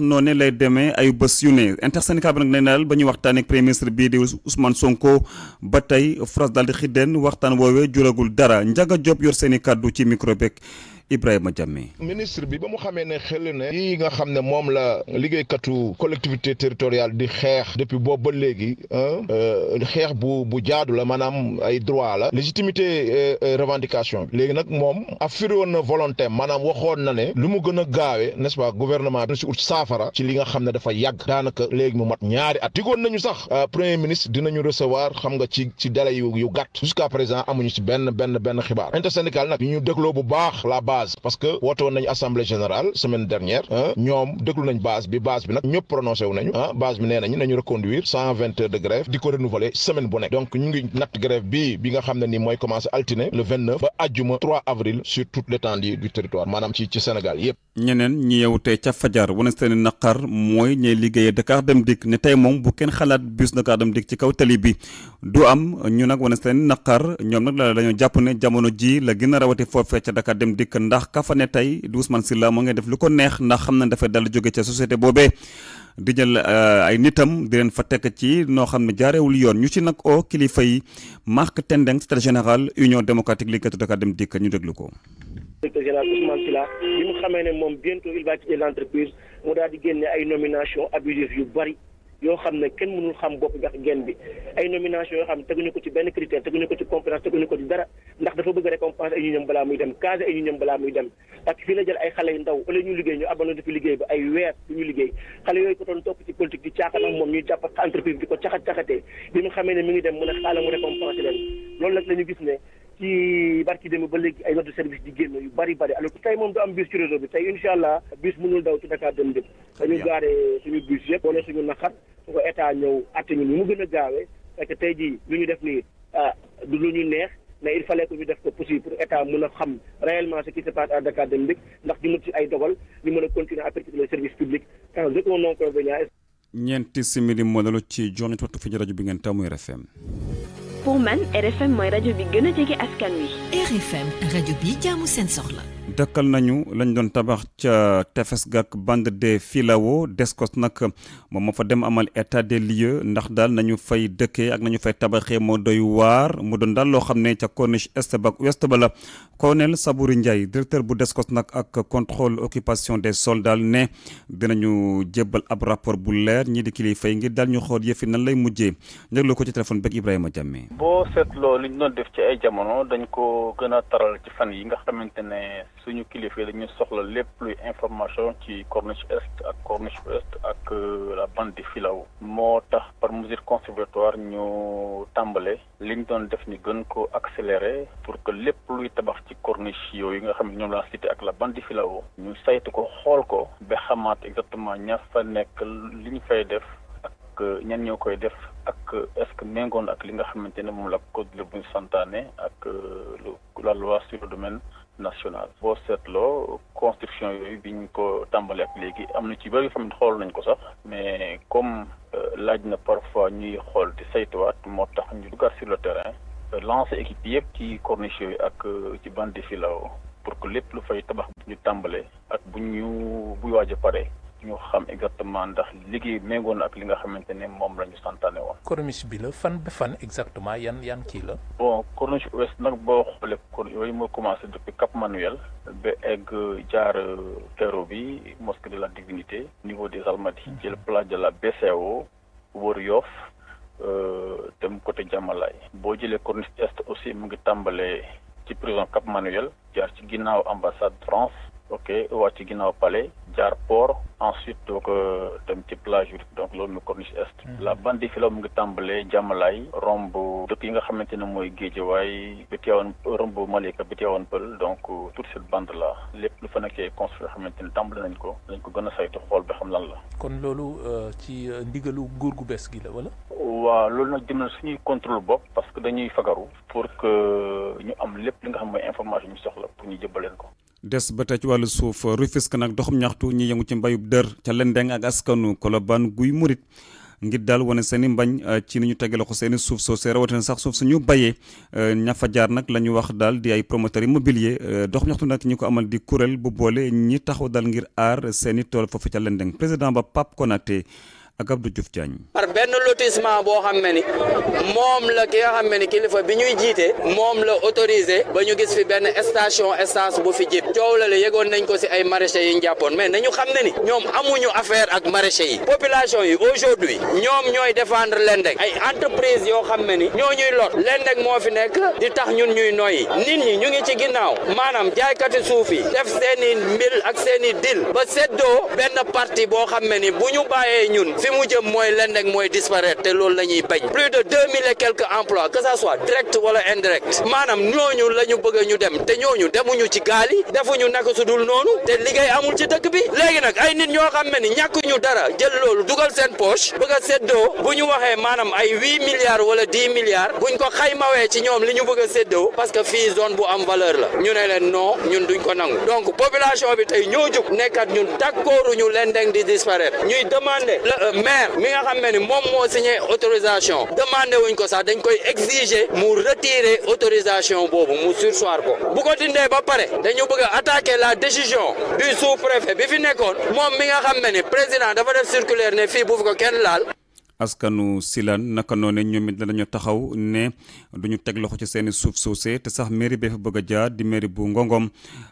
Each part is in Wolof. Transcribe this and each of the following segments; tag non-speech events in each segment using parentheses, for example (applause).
noonu lay demee ay bés yu ne intersyndical bi nag nee daal ba ñuy waxtaan ak premier ministre bii di Ousmane Sonko ba tey France daal di xiddeen waxtaan woowee juragul dara Ndiaga Diop yor seen i kàddu ci micro Ibrahima Diame. ministre bi ba mu xamee ne xel ne. yi nga xam ne moom la liggéeykatu collectivité territoriale di xeex depuis boobu ba léegi euh, xeex bu bu jaadu la maanaam ay droit la légitimité euh, revendication bi léegi nag moom affiré woon na volonté maanaam waxoon na ne lu mu gën a gaawee n'est-ce pas gouvernement bi si ut saafara ci li nga xam ne dafa yàgg daanaka léegi mu mat ñaari at digoon nañu sax euh, premier ministre dinañu recevoir xam nga ci ci délai yu yu gàtt jusqu'à présent amuñu ci benn benn benn xibaar intersyndical nag ñu dégloo bu baax. base parce que woote woon nañu assemblée générale semaine dernière ñoom déglu nañ base bi base bi nag ñëpp prononcé nañu ah bi nee nañu reconduire de grève di ko renouveler semaine bu donc ñu ngi natt grève bi bi nga xam ne ni mooy commencé altine le ba àjjuma 3 avril sur toute l'étendue du territoire maanaam ci ci Sénégal yëpp. ñeneen ñi yow tey ca fajar wane seen naqar mooy ñay liggéeyee Dakar dem dikk ne tey bu kenn xalaat bus ndax ka fa ne tey di Ousmane Sylla moo ngi def lu ko neex ndax xam na dafa dal jóge ca société boobee di jël euh, ay nitam di leen fa tekk ci noo xam ne jaarewul yoon ñu ci nag o kilifa yi Marc Tendeng secrétaire général Union démocratique Ligue Dakar Dem Dikk ñu déglu ko. directeur général Ousmane Sylla bi mu xamee ne moom bientôt il va quitter l'entreprise mu daal di génne ay nomination abusive yu bari. yoo xam ne kenn mënul xam bopp bi ak bi ay nomination yoo xam ne teguñu ko ci benn critère teguñu ko ci compétence teguñu ko ci dara ndax dafa bëgg récompense ay ñu ñam balaa muy dem casé ay ñu ñam balaa muy dem parce que fii la jël ay xale yu ndaw au ñu liggéey ñu abandon dafi liggéey ba ay weer du ñu liggéey xale yooyu ko doon topp ci politique di caaxaan ak moom ñuy jàpp entreprise di ko caxat caxatee bi mu xamee ne mi ngi dem mu ne xaaral mu la ñu gis ne ci barki démb ba léegi ay note service di génn yu bari bari alors tey moom du am bus ci réseau bi tey incha allah bus mënul daw ci Dakar dem dem dañu gaare suñu bus yëpp wala suñu naqar su ko état ñëw atte ñu gën a gaawee tey jii lu ñu def nii ah lu ñu neex mais il fa que ñu def ko possible pour état mën a xam réellement ce qui se passe à Dakar dem dem ndax ñu mën ci ay dogal ñu mën a continuer à perpétuer le service public sans aucun inconvénient ñeenti simili moo dalu ci jooni tottu fi rajo bi ngeen tamuy RFM pour man RFM mooy rajo bi gën a jege askan wi. RFM rajo bi jaamu seen soxla. dëkkal nañu lañu doon tabax ca tefes gak band de filao Descos nag moom moo fa dem amal état des lieux ndax daal nañu fay dëkke ak nañu fay tabaxee moo doy waar mu doon daal loo xam ne ca corniche est ba ouest ba la colonel Sabouri Ndiaye directeur bu Descos nag ak contrôle occupation des sols daal ne dinañu jébbal ab rapport bu leer ñii di kilifa yi ngir daal ñu xool yëfi nan lay mujjee njëgloo ko ci téléphone beeg Ibrahima Diame. boo seetloo li ñu doon suñu kilifa dañu soxla lépp luy information ci corniche est ak corniche ouest ak euh, la bande de filao moo tax par mesure conservatoire ñu tàmbale liñ doon def ni gën ko accélérer pour que lépp luy tabax ci corniche yi nga xam ñoom laa cité ak la bande de filao ñu saytu ko xool ko ba xamaat exactement ña fa nekk li ñu fay def ak euh, ñan ñoo koy def ak euh, est-ce que méngoon ak li nga xamante ne moom la code de bu santaane ak la loi sur le domaine national boo seetloo construction yooyu bi ñu ko tàmbalee ak léegi am na ci bëri xam xool nañ ko sax mais comme euh, laaj na parfois ñuy xool di saytuwaat moo tax ñu duggaat sur le terrain euh, lancer équipe yëpp ci corniche yi ak euh, ci bande de pour que lépp lu fay tabax bu ñu tàmbalee ak bu ñu buy waaj a pare ñu xam exactement ndax liggéey méngoon ak li nga xamante ne moom lañu ñu waa woon. bi la fan ba fan exactement yan yan kii la. bon corniche ouest nag boo xoolee corniche yooyu moo commencé depuis Cap Manuel ba egg jaar Terrou-Bi euh, bi de la divinité niveau des Almadies mhm. jël place de la BCEAO wër Yoff euh, dem côté Diamalaye boo jëlee corniche est aussi mu ngi tàmbalee ci prison Cap Manuel jaar ci ginnaaw ambassade France. ok ci ginnaaw pale jaar port ensuite donc euh, dem ci plage bi donc loolu mooy corniche est mhm. la bande fi la mu ngi tàmbalee jàmmalaay romb dëkk yi nga xamante ne mooy géejewaay bi teewoon romb Malika bi teewoon pël donc euh, toute cette bande la lépp lu fa nekkee construit nga xamante ne tàmbale nañ ko dañ ko gën a saytu xool ba xam lan la kon loolu euh, ci ndigalu nguur gu bees gi la wala waaw loolu nag dem na suñuy contrôle bopp parce que dañuy fagaru pour ñu am lépp li nga xam mooy information soxla pour ñu jëbaleen ko des ba tey ci wàllu suuf Rufisque nag doxum ñaxtu ñi yëngu ci mbayub dër ca Lendeng ak askanu Kolobaan guy murit ngir daal wane seen i mbañ euh, ci ni ñu tegale ko seen i suuf soo see rawatina sax suuf suñu bayee euh, ñafa jaar nag la ñu wax daal di ay promoteur immobilier euh, dox ñaxtu nag ñi ko amal di kuréel bu boole ñi taxaw dal ngir aar seen i tool foofu ca Lendeng président ba papp Konaté ak Abdou Diouf Diagne. par benn lotissement boo xam ne moom la ki nga xam ne ni kilifa bi ñuy jiite moom la autorisé ba ñu gis fi benn station essence bu fi jib coow la la yëgoon nañ ko si ay maraîchers yi ñu jàppoon mais ñu xam ne ni ñoom amuñu affaire ak maraîchers yi population yi aujourd'hui ñoom ñooy défendre Lendek ay entreprise yoo xam ne ni ñoo ñuy lot Lendek moo fi nekk di tax ñun ñuy noyyi nit ñi ñu ci ginnaaw maanaam jaaykati suuf yi def seeni mbir ak seeni dil ba seddoo fi mu jëm mooy lenn rek mooy disparaître te loolu la bañ plus de deux mille et quelques emplois que soit direct wala indirect maanaam ñooñu la ñu bëgg ñu dem te ñooñu demuñu ci gaal yi defuñu naka su noonu te liggéey amul ci dëkk bi léegi nag ay nit ñoo xam ne ni ñàkkuñu dara jël loolu dugal seen poche bëgg a séddoo bu ñu waxee maanaam ay huit milliards wala dix milliards buñ ko xaymawee ci ñoom li ñu bëgg a séddoo parce que fii zone bu am valeur la ñu ne leen non ñun duñ ko nangu donc population bi tey ñoo jug nekkat ñun d'accorduñu leen di disparaître ñuy maire mi nga xam ne ni moom moo signé autorisation demandé wuñ ko sax dañ koy exiger mu retirer autorisation boobu mu sursoir ko bu ko dindee ba pare dañu bëgg a la décision du sous-préfet fi nekkoon moom mi nga xam ne ni président dafa def circulaire ne fii bu fi ko kenn laal askanu Silane naka noone ñoom it danañu taxaw ne du ñu teg loxo ci seen suuf soosee te sax mairie bee fa bëgg a jaar di mairie bu Ngongom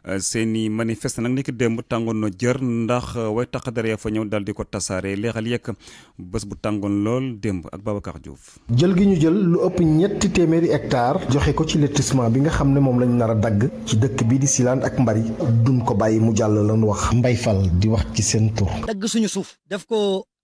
euh, seen i manifeste nag ni ki démb tàngoon no jër ndax euh, way tax dara fa ñëw daal di ko tasaare leexal yekk bés bu tàngoon lool démb ak Babacar Diouf. jël gi ñu jël lu ëpp ñetti téeméeri hectare joxe ko ci lotissement bi nga xam ne moom lañ nar a dagg ci dëkk bi di silaan ak Mbari duñ ko bàyyi mu jàll lan wax. Mbay di wax ci seen ko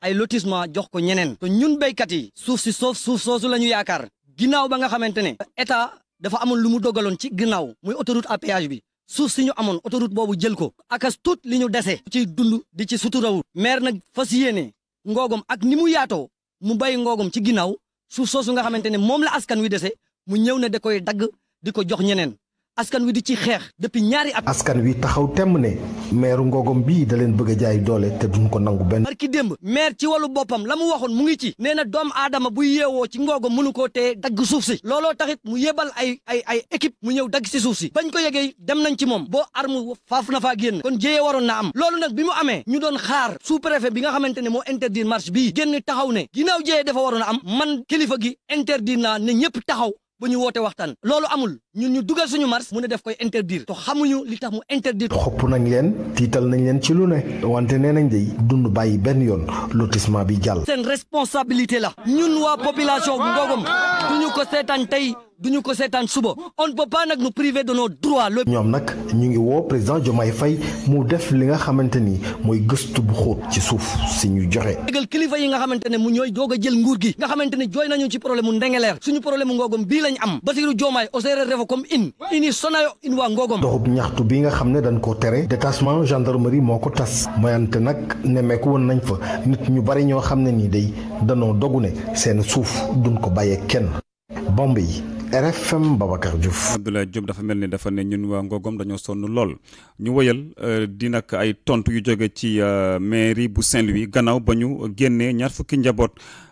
ay lotissement jox ko ñeneen te ñun béykat yi suuf si soof suuf soosu la ñu yaakaar ginaaw ba nga xamante ne état dafa amoon lu mu dogaloon ci ginnaaw muy autoroute à bi suuf si ñu amoon autoroute boobu jël ko akas tuut li ñu dese ci dund di ci suturawu maire nag fas yéene ngoogom ak ni mu yaatoo mu bay ngoogom ci ginnaaw suuf soosu nga xamante ne moom la askan wi dese mu ñëw ne da koy dagg di ko jox ñeneen askan wi di ci xeex depuis ñaari at. askan wi taxaw temm ne maire Ngogom bii da leen bëgg a jaay doole te duñ ko nangu benn. barki démb maire ci wàllu boppam la mu waxoon mu ngi ci. nee na doomu aadama buy yeewoo ci Ngogom mënu koo tee dagg suuf si. looloo taxit mu yebal ay ay ay équipe mu ñëw dagg si suuf si. bañ ko yegee dem nañ ci moom. boo arme faaf na faa génn. kon jéyee waroon na am. loolu nag bi mu amee ñu doon xaar sous bi nga xamante ne moo interdire marche bii. génn taxaw ne ginnaaw jéyee dafa waroon am man kilifa gi interdire naa ne ñëpp taxaw ba ñu woote waxtaan loolu amul ñun ñu dugal suñu mars mu ne def koy interdire te xamuñu li tax mu interdire xopp nañ leen tiital nañ leen ci lu ne wante nee nañ day dund bàyyi benn yoon lotissement bi jàll seen responsabilité la ñun waa population Ngogom duñu ko seetaan tey duñu ko seetaan suba on ne peut pas nag nous priver de nos droits. ñoom nag ñu ngi woo président Diomaye Faye mu def li nga xamante ni mooy gëstu bu xóot ci suuf si ñu joxe. déggal kilifa yi nga xamante ne mu ñooy doog a jël nguur gi nga xamante ne jooy nañu ci problème mu ndengeleer suñu problème mu ngoogom bii lañ am Basiru Diomaye osere refo comme in ini sonayo in waa ngoogom. doxub ñaxtu bi nga xam ne dañ koo tere détachement gendarmerie moo ko tas moyante nag nemmeeku woon nañ fa nit ñu bari ñoo xam ne nii day danoo dogu ne seen suuf duñ ko bàyyee kenn bomb RFM Babacar Diouf. Abdoulaye Diop dafa mel ni dafa ne ñun waa Ngogom dañoo sonn lool ñu woyal euh, di nag ay tontu yu jóge ci euh, mairie bu Saint-Louis gannaaw ba ñu génnee ñaar fukki njaboot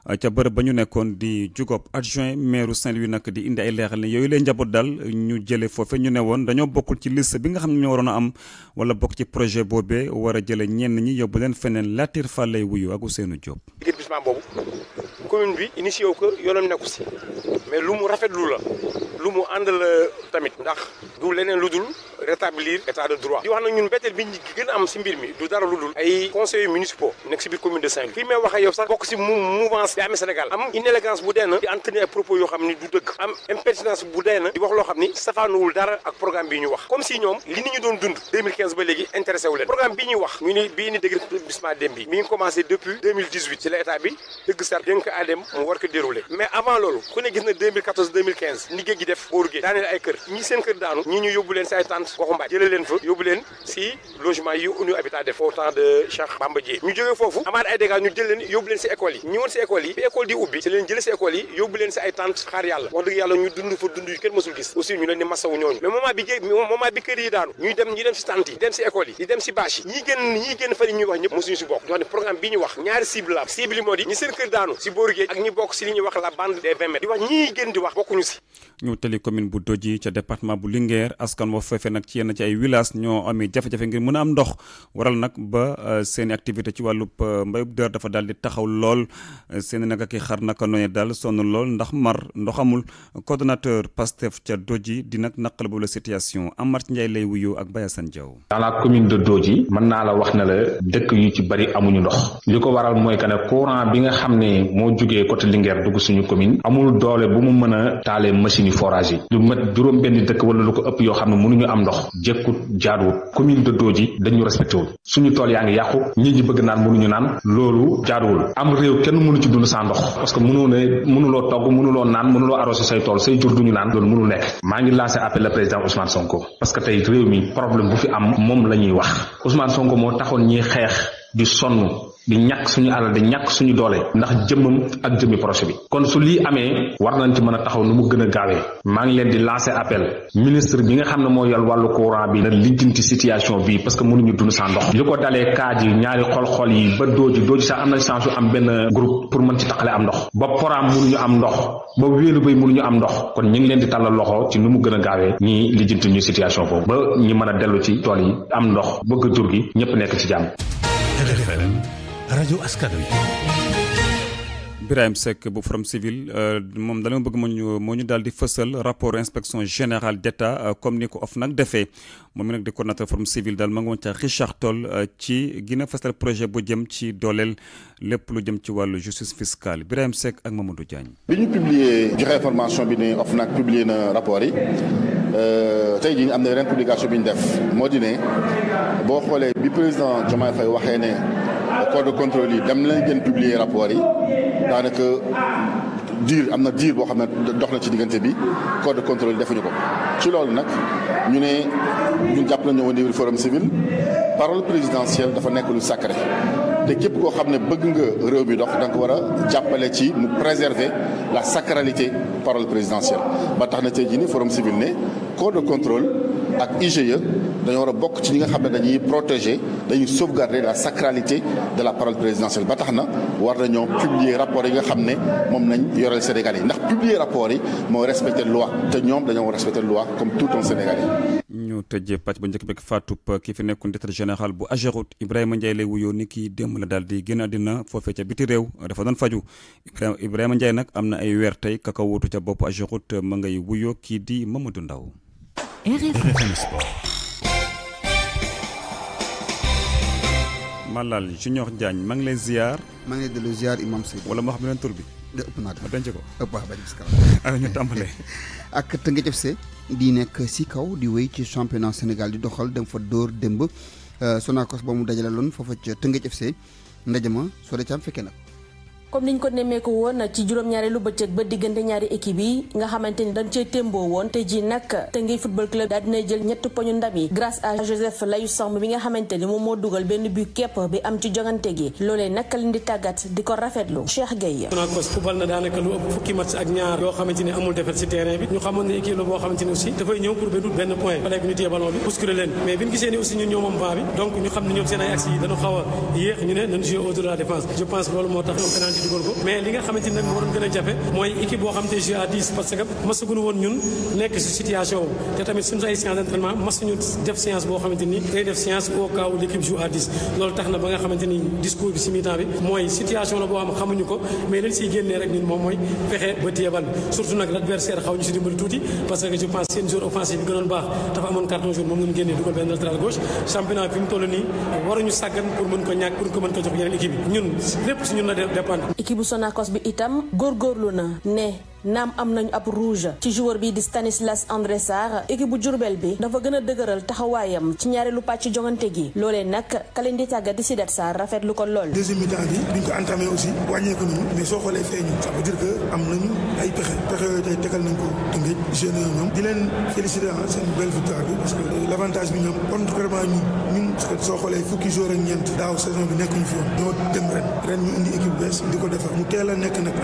euh, ca bërëb ba ñu nekkoon di jugoob adjoint maire Saint-Louis nag di indi ay leeral ne yooyu lee njaboot daal ñu jëlee foofe ñu ne woon dañoo bokkul ci liste bi nga xam ne ñoo waroon a am wala bokk ci projet boobee war a jële ñenn ñi yóbbu leen feneen Latir Fall lay wuyu ak Ousseynou Diop. déguerpissement boobu commune bi initié wu ko yoonam nekku si mais lu mu rafetlu la lu mu ànd la lu dul di wax nag ñun mbetteel bi ñu gën am si mbir mi du dara lu dul ay conseillers municipaux nekk biir commune de Saint-Louis fii may wax sax bokk si mouvance bi amee Sénégal am inélégance bu dee na di entretenir ay propos yoo xam ni du dëgg am impertinence bu dee di wax xam ni safaanuwul dara ak programme bi ñuy wax comme si ñoom li ni ñu doon dund 2015 ba léegi intéressé programme bi ñuy wax ñu ni bii ni déguerpissement dem bi mu war ko yóbbu leen si logement yi Unu Habitat def au de Cheikh Bamba Dièye ñu jógee foofu amaat ay dégâts ñu jël leen yóbbu leen si école yi ñi woon si école yi bi école di ubbi si leen jëlee si école yi yóbbu leen si ay tente xaar yàlla wax dëgg fa dund ñu leen di massawu ñooñu bi kër yi daanu ñuy dem ñuy dem si tente yi dem si école yi di dem si bâche yi ñii génn ñii génn fan yi ñuy wax ñëpp mësuñu si bokk ñoo xam programme bi ñu wax ñaari cible la cible yi moo di ñi seen kër daanu wa ñoo amee jafe-jafe ngir mën a am ndox waral nag ba euh, seen activité ci wàllub euh, mbayub dër dafa daal di taxaw lool euh, seen nag ak i xar naka noone daal sonn lool ndax mar ndoxamul amul coordonnateur Pastef ca Doji di dina naqal bu la situation Amath Ndiaye lay wuyu ak Bayassane Diaw. dans la commune de Doji mën naa la wax ne la dëkk yu ci bari amuñu ndox li ko waral mooy que ne courant bi nga xam ne moo jugee côté Linguère dugg suñu commune amul doole bu mu mën a taalee machine yi forage yi lu mat juróom-benn dëkk wala lu ko ëpp yoo xam ne mënuñu am ndox jaaduwut commune de Dodji dañu respecté wul suñu tool yaa ngi yàqu nit ñi bëgg naan mënuñu naan loolu jaaduwul am réew kenn mënu ci dund sans ndox parce que mënoo ne mënuloo togg mënuloo naan mënuloo arrosé say tool say jur duñu naan loolu mënul nekk maa ngi lancé appel le président Ousmane Sonko parce que tey réew mi problème bu fi am moom la wax Ousmane Sonko moo taxoon ñiy xeex di sonn di ñàkk suñu alal di ñàkk suñu doolee ndax jëmmam ak jëmmi projet bi kon su lii amee war nañ ci mën a taxaw nu mu gën a gaawee maa ngi leen di lancé appel ministre bi nga xam ne moo yor wàllu courant bi na lijjanti situation bi parce que mënuñu dund sans ndox li ko dalee kaaj yi ñaari xol-xol yi ba dooji dooji sax am na change yu am benn groupe pour mën ci taqale am ndox ba poraam mënuñu am ndox ba wéelu bay mënuñu am ndox kon ñu ngi leen di tàllal loxo ci nu mu gën a gaawee ñii lijjanti ñu situation boobu ba ñi mën a dellu ci tool yi am ndox bëgg jur gi ñëpp nekk ci jàmm rajo askan wi. Birahim Seck bu Forum Civil euh, moom dañoo bëgg moo ñu moo ñu daal di fësal rapport inspection général d'État euh, comme ni ko OFNAC defee moom mi nag di coordonnateur Forum Civil daal ma ngi woon ca Richard Toll euh, ci gën a fësal projet bu jëm ci dooleel lépp lu jëm ci wàllu justice fiscale Birahim Seck ak Mamadou Diagne. bi ñu publier joxe information bi ne OFNAC publier na rapport yi. tey jii am na yeneen bi ñu def moo di ne boo xoolee bi président Diomaye Faye ne. corps de contrôle yi dem nañ gën publier rapport yi daanaka diir am na diir boo xam ne dox na ci diggante bi corps de contrôle yi ñu ko ci loolu nag ñu ne ñun jàpp nañu au niveau forum civil parole présidentielle dafa nekk lu sacré te képp koo xam ne bëgg nga réew bi dox da ko war a jàppale ci mu préserver la sacralité parole présidentielle ba tax na tey jii ni forum civil ne corps de contrôle ak IGE dañoo war a bokk ci ñi nga xam ne dañuy protéger dañuy sauvegarder la sacralité de la parole présidentielle ba tax na war na nañoo publier rapport yi nga xam ne moom nañ yoreel Sénégal yi ndax publier rapport yi mooy respecter loi te ñoom dañoo respecter loi comme tout un Sénégalais. ñu tëjee pàcc ba njëkk beeg Fatou ki fi nekkoon directeur général bu AGEROUTE Ibrahima Ndiaye lay wuyoo ni kii démb la daal di génn àddina foofee ca biti réew dafa doon faju Ibrahima Ibrahima nag am na ay weer tey kaka wóotu ca bopp AGEROUTE ma ngay wuyoo kii di Mamadou Ndaw RFM Sport. Malal Junior Diagne maa ngi lay ziar. maa ngi lay dellu ziar Imam Seydou. wala ma xam beneen tur bi. de ëpp naa def denc ko ëpp waaw bañ a ah, (laughs) ak Teungueth FC di nekk si kaw di wéy ci championnat Sénégal di doxal dem fa dóor démb euh, Sonacos ba mu dajale loon foofa ca Teungueth se ndaje ma soo de caam fekkee nag. comme niñ ko nemmeeku woon ci juróom-ñaareelu bëccëg ba diggante ñaari équipe yi nga xamante ni dañ cee témboo woon te ji nag Tëngéej football club moo dugal benn bu képp bi am daanaka lu ëpp fukki match ak ñaar yoo xamante ni amul defet si terrain bi ñu xamoon ne équipe la boo xamante ni aussi dafay ñëw pour benn point fallait bi ñu téye bi bousculer leen mais bi ñu gisee ni aussi ñun ñoo moom bi donc ñu xam ne ñoom seen ay axe yi dañu xaw yéex ñu ne nañu jouer autour de la ci dugal ko mais li nga xamante ni nag moo doon gën a jafe mooy équipe boo xamante jeu à 10 parce que masaguñu woon ñun nekk si situation te tamit suñu ay séance d'entraînement masuñu def séance boo xamante ni day def si génnee rek ñun moom mooy fexe ba téye surtout nag l'adversaire xaw ñu si dimbali tuuti parce que je pense seen joueur offensif bi gënoon baax dafa amoon carton jaune moom lañ génnee dugal benn latéral gauche championnat bi mu toll nii waruñu sàggan pour équipe bu Sonacos bi itam góorgóorlu na ne naam am nañu ab rouge ci joueur bi di Stanislas André Sarr équipe bu Diourbel bi dafa gën a dëgëral taxawaayam ci ñaareelu pàcc jongante gi loolee nag leen di tàggat di Sidat Sarr rafetlu ko lool. deuxième mi-temps bi bi ñu ko entamé aussi wàññeeku nañu mais soo xoolee feeñu ça veut am nañu ay pexe pexe yooyu tey tegal nañ ko Tëngéej jeunes ñoom di leen féliciter ah, seen belle victoire bi parce que l'avantage bi ñoom parce que soo xoolee fukki a nekk nag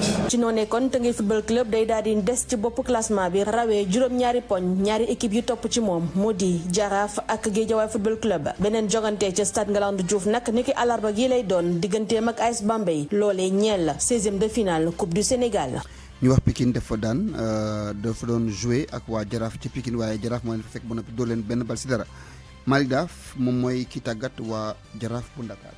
ci. ci noonee kon Teungueth football club day daal di des ci bopp classement bi rawee juróom-ñaari poñ ñaari équipe yi topp ci moom moo di Jaraaf ak Guédiawaye football club beneen jogante ca stade Ngalandou Diouf nag niki alarba gi lay doon digganteem ak AS Bambey loolee ñeel la 16e de finale Coupe du Sénégal. ñu wax Pikine def fa daan euh, dafa doon joué ak waa Jaraaf ci Pikine waaye Jaraaf moo leen fa fekk ba noppi doo leen benn bal si dara Malick Daaf moom mooy ki tàggat waa Jaraaf bu Ndakaar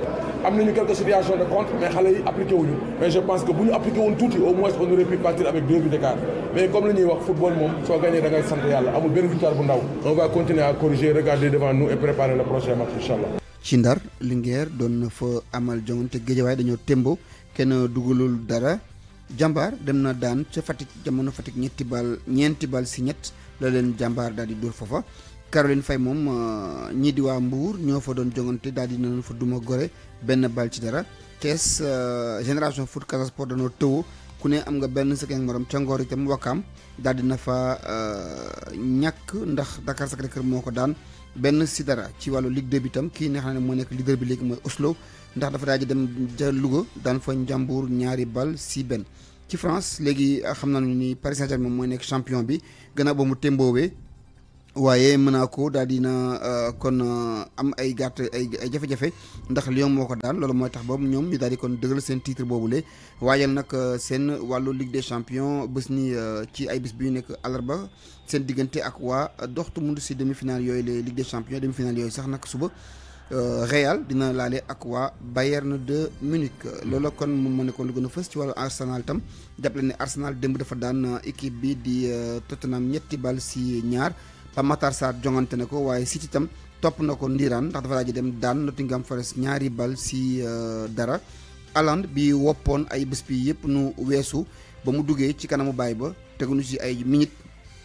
ko am nañu quelques situations de compte mais xale yi appliqué wuñu mais je pense que bu ñu appliqué woon tuuti au moins on aurait pu avec deux buts d'écart mais comme la wax football moom soo gagné da ngay sant yàlla amul benn victoire bu ndaw on va continuer à corriger regarder devant nous et préparer le prochain match incha allah. ci ndar Linguère doon na fa amal jongante géejawaay dañoo témbo kenn dugalul dara jàmbaar dem na daan ca Fatick jamono Fatick ñetti bal ñeenti bal si ñett la leen jàmbaar daal di dóor foofa Caroline fay moom euh, ñii diwaa waa Mbour ñoo fa doon jongante daal di nañu fa duma gore benn bal ci dara Thiès euh, génération foot Casa Sport dañoo tëwu ku ne am nga benn sëkk ak moroom ca Ngor itam Wakam daal na fa euh, ñàkk ndax Dakar Sacré-Cœur moo ko daan benn si dara ci wàllu Ligue 2 bi itam kii nga xam ne moo nekk leader bi léegi mooy Oslo ndax dafa daal di dem ja Louga daan fa njàmbur ñaari bal si benn. ci France léegi xam na ni Paris Saint-Germain mooy nekk champion bi gannaaw ba mu témboowee waaye mën Monaco daal dina euh, kon euh, am ay gàtt ay ay jafe-jafe ndax lion moo ko daan loolu mooy tax boobu ñoom ñu daal di kon dëgëral seen titre boobule waajal nag euh, seen wàllu Ligue des champions bés ni ci ay bis bi ñu nekk àllarba seen diggante ak waa Dortmund si demi-finale yooyu la Ligue des champions demi-finale yooyu sax nag suba Real dina laale ak waa na de Munich loolu kon moom moo nekkoon lu gën a fës ci wàllu Arsenal tam jàppale ne Arsenal démb dafa daan équipe bi di Tottenham ñetti bal si ñaar. Pape Matar Sarr jongante na ko waaye si itam topp na ko ndiiraan ndax dafa daal di dem daan Nottingham Forest ñaari bal si euh, dara alland bi woppoon ay bés bi yëpp nu weesu ba mu duggee ci kanamu baay ba teguñu si ay minute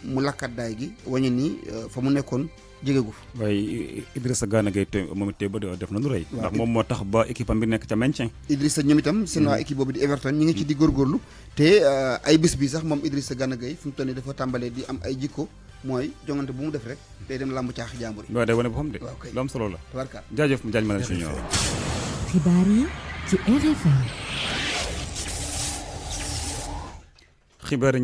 mu daay gi wañu nii euh, fa mu nekkoon jegegu waaye Idrissa Gana Gueye te moom it tey def na lu rëy ndax moom moo tax ba équipe bi nekk ca maintien Idrissa ñoom itam seen waa mm. équipe boobu di Everton ñu ngi ci di góorgóorlu te euh, ay bés bi sax moom Idrissa Gana Gueye fi mu toll nii dafa tàmbalee di am ay jikko mooy jongante bu mu def rek day dem làmb caax jàmbur yi. waaw day wane bu de. waaw solo la. tabarkaal jaajëf Diagne Malang suñu ñëw. xibaar yi ci RFM. xibaar eh, eh,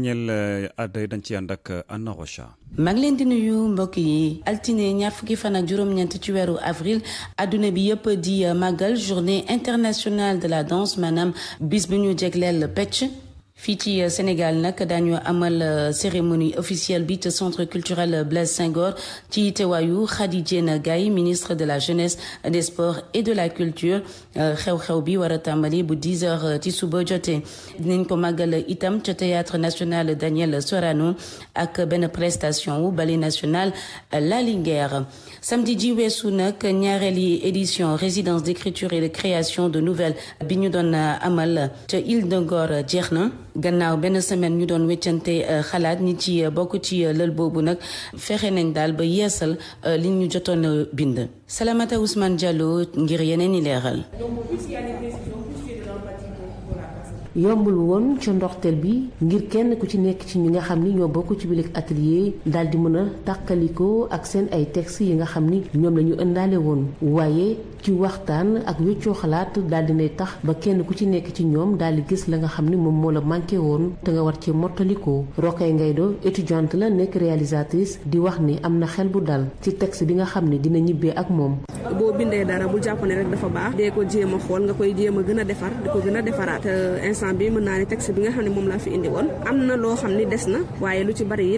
ngi leen di nuyu mbokk yi altine ñaar fukki fan ak juróom-ñeent ci weeru avril adduna bi yëpp di eh, màggal journée internationale de la danse maanaam bis bi ñu jegleel pecc. fii ci euh, Sénégal nag daañu amal euh, cérémonie officielle bi te centre culturel Blaise Senghor ci teewaayu Khady Diène Gaye ministre de la jeunesse des sports et de la culture euh, xew-xew bi war a tàmbali bu 10 heures ci jotee dinañ ko màggal itam ca théâtre national Daniel Sorano ak benn prestation wu ballet national La Linguère samedi ji weesu nag ñaareeli édition résidence d'écriture et de création de nouvelles bi ñu doon amal ca il de Ngor jeex na gannaaw benn semaine ñu doon weccante euh, xalaat ñi ci euh, bokk ci euh, lël boobu nag fexe nañ daal ba yeesal li ñu jotoon bind Salamata Ousmane Diallo ngir yeneen i leeral. yombul woon ca ndoxteel bi ngir kenn ku ci nekk ci ñi nga xam ni ñoo bokk ci bileeg atelier daal di mën a takkalikoo ak seen ay textes yi nga xam ni ñoom la ñu ëndaale woon waaye ci waxtaan ak wéccoo xalaat daal di nay tax ba kenn ku ci nekk ci ñoom daal di gis la nga xam ni moom moo la manqué woon te nga war ci mottalikoo ngay doo étudiante la nekk réalisatrice di wax ni am na xel bu dal ci tex bi nga xam ni dina ñibbee ak moom. boo bindee dara bu a koy jéem a gën a defar instant ne texte bi nga xam loo xam ni des na waaye lu ci bari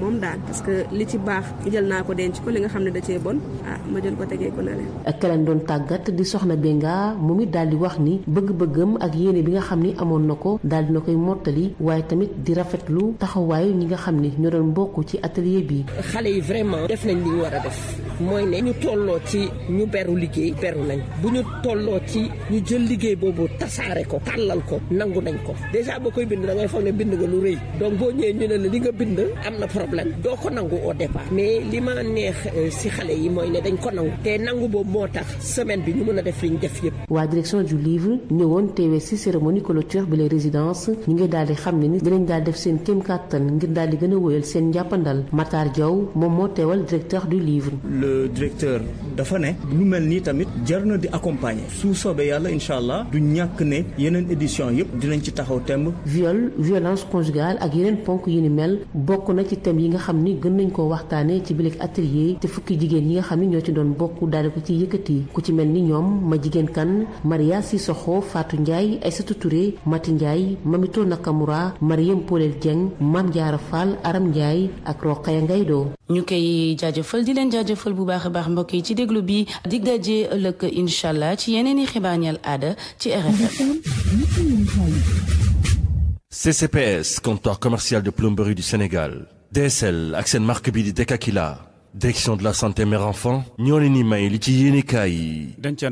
moom daal parce que li ci baax jël naa ko denc ko li nga xam ne da cee bon ah ma jël ko tegee ko na leen ka doon tàggat di soxna Benga moom it daal di wax ni bëgg-bëggam ak yéene bi nga xam ni amoon na ko daal na koy mottali waaye tamit di rafetlu taxawaayu ñi nga xam ni ñoo doon bokk ci atelier bi xale yi vraiment def nañ li ñu war a def mooy ne ñu tolloo ci ñu beru liggéey beru nañ bu ñu tolloo ci ñu jël liggéey boobu tasaare ko tàllal ko nangu nañ ko dèjà boo koy bind da ngay foog ne bind nga lu rëy donc boo ñëwee ñu ne la li nga bind am na problème doo ko nangu au départ mais li ma neex euh, si xale yi mooy ne dañ ko nangu te nangu boobu moo tax semaine bi ñu mën a def li ñu def yëpp. waa direction du livre ñëwoon teewee si cérémonie clôture bi les résidence ñu ngi daal di xam ne ni dinañ daal def seen kéem kàttan ngir daal di gën a wóyal seen njàppandal Matar Diaw moom moo teewal directeur du livre. le dafa ne lu mel nii tamit jar na di accompagner su soobee yàlla incha allah du ñàkk ne yeneen édition yëpp dinañ ci taxaw temb viol violence conjugale ak yeneen ponk yu ni mel bokk na ci thème yi nga xam ni gën nañ koo waxtaanee ci bileeg atelier yi te fukki jigéen yi nga xam ni ñoo ci doon bokk daal ko ci yi ku ci mel ni ñoom ma jigéen kan Maria Sissoko Fatou Ndiaye ay Touré Mati Ndiaye Mamito Nakamura Mariam Polel Dieng Mame Diarra Fall Aram Ndiaye ak Rokhaya Ngaydo ñu koy jaajëfal di leen jaajëfal bu baax a baax mbokk yi ci déglu bi dig dajee ëllëg incha allah ci yeneen i xibaañal aada ci RFM CCPS comptoir commercial de plomberie du Sénégal DSL ak seen marque bi di Dekakila direction de la santé mère enfant ni may li ci yéene kaay yi dañ ca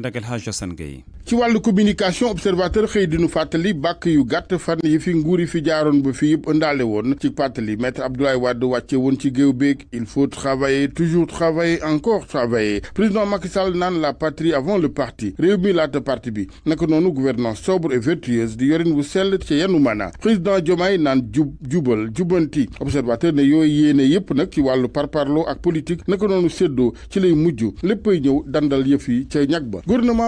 ci wàllu communication observateur xëy dinu fàttali bàkk yu gàtt fan yi fi nguur yi fi jaaroon ba fi yëpp ëndaale woon ci fàttali maître Abdoulaye Wade wàcce woon ci géew beeg il faut travailler toujours travailler encore travailler président Macky Sall naan la patrie avant le parti réew mi laata parti bi naka noonu guvernant sobre et vertueuse di yorin wu sell ci yenn mana président Diomaye naan jub jubal jubanti observateur ne yooyu yéene yëpp nag ci wàllu parparloo ak politique naka noonu séddoo ci lay mujj léppay ñëw dandal yëf yi ca ñag ba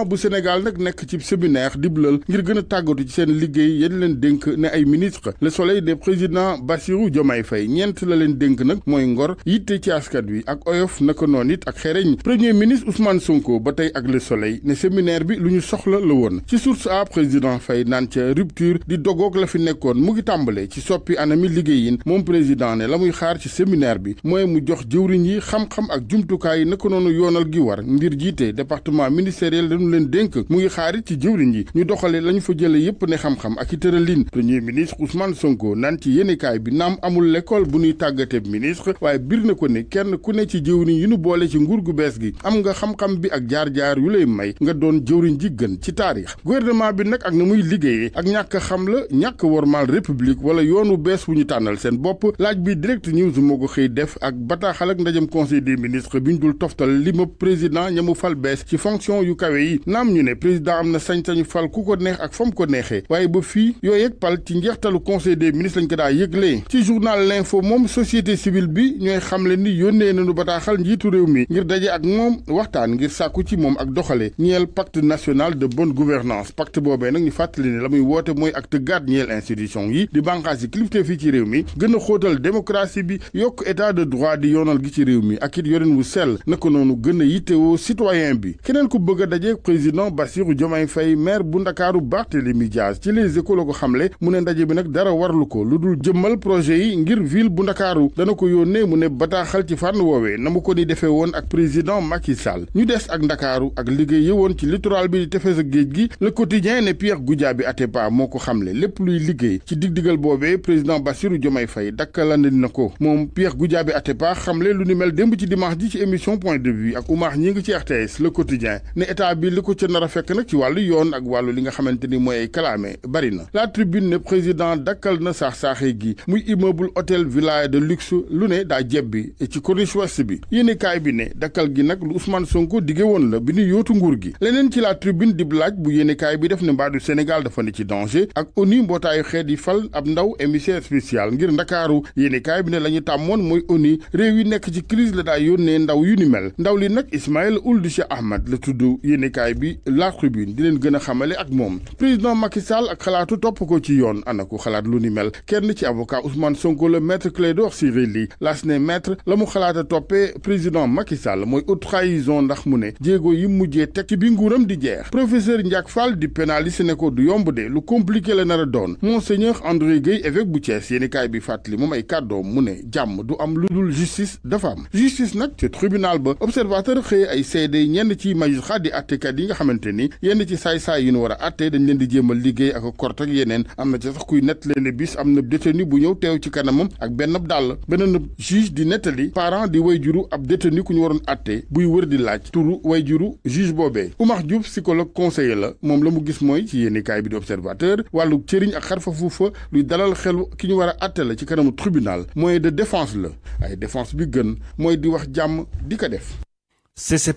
bu Sénégal nekk ci séminaire diblal ngir gën a tàggatu ci seen liggéey yéen leen dénk ne ay ministre le soleil des présidents Bassirou Diomaye fay ñeent la leen dénk nag mooy ngor yitte ci askan wi ak oyof naka noon it ak xereñ premier ministre Ousmane Sonko ba tey ak le soleil ne séminaire bi lu ñu soxla la woon ci source a président naan ca rupture di dogoog la fi nekkoon mu ngi tàmbale ci soppi anami liggéeyin moom président ne la muy xaar ci séminaire bi mooy mu jox jëwriñ yi xam-xam ak jumtukaay yi naka noonu yoonal gi war ngir jiite département ministériel dañu leen dénk mu ngi xaarit ci jëwriñ yi ñu doxale lañu fa jële yépp ne xam-xam ak i premier ministre Ousmane Sonko naan ci yéenekaay bi naam amul l'école bu ñuy tàggateeb ministre waaye bir na ko ne kenn ku ne ci jëwriñ yu nu boole ci nguur gu bees gi am nga xam-xam bi ak jaar-jaar yu lay may nga doon jëwriñ ji gën ci taarix gouvernement bi nag ak na muy liggéeyee ak ñàkk xam la ñàkk wormaal république wala yoonu bees wu ñu tànnal seen bopp laaj bi direct news moo ko xëy def ak bataaxal ak ndajam conseil des ministres bi ñu dul toftal li ma président ñamu fal bees ci fonction yu kawe yi naam ñu ne président président am na sañ-sañu fal ku ko neex ak fam ko neexee waaye ba fii yooyu ak pal ci njeextalu conseil des ministres lañ ko daa yëglee ci journal l'info moom société civile bi ñooy xamle ni yónnee nañu bataaxal njiitu réew mi ngir daje ak moom waxtaan ngir sàkku ci moom ak doxale ñeel pacte national de bonne gouvernance pacte boobee nag ñu fàttali ne la muy woote mooy acte garde ñeel institution yi di bànqaas yi kilifte fii ci réew mi gën a xóotal démocratie bi yokk état de droit gi ci réew mi ak it yorin wu sell na ko noonu gën a yittewoo bi keneen ku bëgg Diomaye fay maire bu Ndakaaru Barthélémy Dias ci les écoles la ko xamle mu ne ndaje bi nag dara warlu ko lu dul jëmmal projet yi ngir ville bu Ndakaaru dana ko yónnee mu ne bataaxal ci fànn woowee na mu ko ni defee woon ak président Macky Sall ñu des ak Ndakaaru ak liggéey yëwoon ci littoral bi di tefes ak géej gi le quotidien ne Pierre Goudiaby Atepa moo ko xamle lépp luy liggéey ci digdigal boobe président Bassirou Diomaye Faye dakkalande na ko moom Pierre Goudiaby Atepa xamle lu ni mel démb ci dimanche ji ci émission point de vue ak ñi ngi ci RTS le quotidien ne bi li ko ca nar a fekk nag ci wàllu yoon ak wàllu li nga xamante ni mooy kalaame bari na la tribune ne président dakkal na saax-saaxe gi muy immeuble otel villa de luxe lu ne daa jeb bi ci corniche ouest bi yéenekaay bi ne dakkal gi nag lu Ousmane Sonko dige woon la bi nu yootu nguur gi leneen ci la tribune dib laaj bu yéenekaay bi def ne mbaadu Sénégal dafa ne ci danger ak ONU mbootaayu xeet yi fal ab ndaw émissaire spécial ngir ndakaaru yéenekaay bi ne la ñu tàmmoon mooy ONU réew yi nekk ci crise la daa yónnee ndaw yu ni mel ndaw li nag Ismaïla Ould Cheikh Ahmad la tudd yéenekaay bi la tribune di leen gën a xamale ak moom président Macky Sall ak xalaatu topp ko ci yoon ana ko xalaat lu ni mel kenn ci avocat Ousmane Sonko la maître Clédor Ciré Ly laas ne maître la mu xalaat xalaata toppee président Macky Sall mooy haute trahison ndax mu ne jéego yi mujjee teg ci bi nguuram di jeex professeur Ndiak Fall di pénaliste ne ko du yomb de lu compliqué la nar a doon monseigneur André Gueye évêque bu Thiès yéenekaay bi fàttali moom ay kàddoom mu ne jàmm du am lu dul justice dafa am justice nag ba observateur ay seede ñenn ci magistrat di attekat yi nga xamante ni yenn ci saay-saay yu ñu war a àttee dañ leen di jéemal liggéey ak kort ak yeneen am na ci sax kuy nettali ne bis am na détenu bu ñëw teew ci kanamam ak benn dàll beneen juge di nettali parent di way juru ab détenu ku ñu waroon àttee buy wër di laaj turu way juru juge boobee Oumar Diouf psychologue conseiller la moom la mu gis mooy ci yéenekaay bi di observateur wàllu cëriñ ak xarfa fuufa luy dalal xelu ki ñu war a àtte la ci kanamu tribinal mooy de défense la ay défense bi gën mooy di wax jàmm di ko def